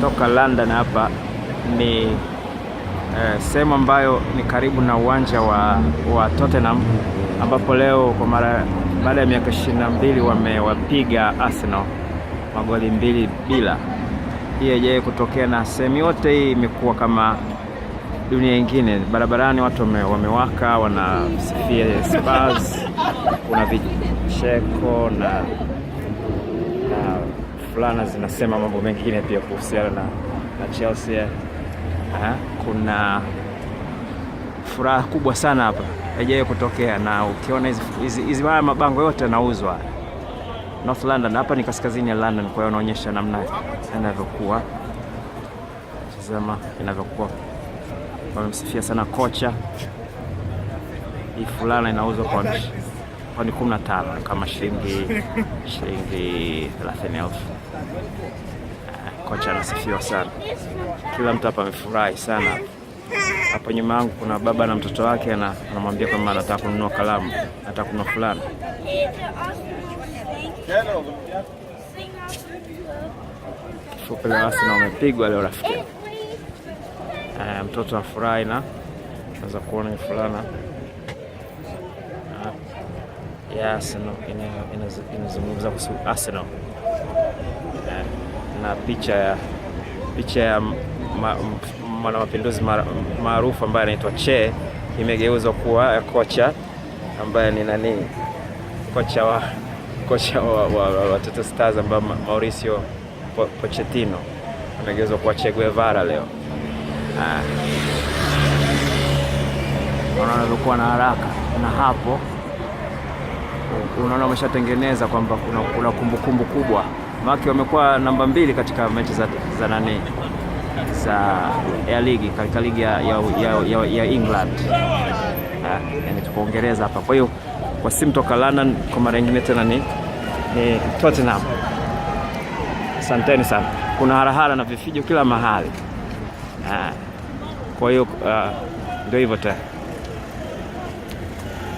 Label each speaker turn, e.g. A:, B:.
A: toka London hapa ni eh, sehemu ambayo ni karibu na uwanja wa, wa Tottenham ambapo leo kwa mara baada ya miaka ishirini na mbili wamewapiga Arsenal magoli mbili bila. Hii haijawahi kutokea, na sehemu yote hii imekuwa kama dunia ingine. Barabarani watu wamewaka, wanasifia Spurs, kuna vicheko na fulana zinasema mambo mengine pia kuhusiana na, na Chelsea eh. ha? Kuna furaha kubwa sana hapa, haijawahi kutokea, na ukiona hizi haya mabango yote yanauzwa North London. Hapa ni kaskazini ya London, kwa hiyo inaonyesha namna inavyokuwa, tazama inavyokuwa. Wamemsifia sana kocha. Hii fulana inauzwa kwa ni kumi na tano kama shilingi shilingi thelathini elfu. Eh, kocha anasifiwa sana, kila mtu hapa amefurahi sana. Hapo nyuma yangu kuna baba na mtoto wake, anamwambia kwamba anataka kununua kalamu, anataka kununua fulana kifupileasi na wamepigwa leo rafiki. Eh, mtoto afurahi na naweza kuona fulana ya Arsenal inazungumza kuhusu Arsenal na picha ya picha ya mapinduzi maarufu ambaye anaitwa Che imegeuzwa kuwa kocha ambaye ni nani, kocha wa kocha wa, wa, wa, watoto Stars ambaye Mauricio po, Pochettino amegeuzwa kuwa Che Guevara leo. Ah. kuwa na haraka na hapo unaona umeshatengeneza kwamba kuna, kumbukumbu kumbukumbu kubwa, maana wamekuwa namba mbili katika mechi za, za nani za ya ligi katika ligi ya, ya, ya, ya England yani tuko Uingereza hapa. Kwa hiyo kwa simu toka London kwa mara nyingine tena ni, ni Tottenham. Asanteni sana, kuna harahara na vifijo kila mahali. Kwa hiyo uh, ndio hivyo tena.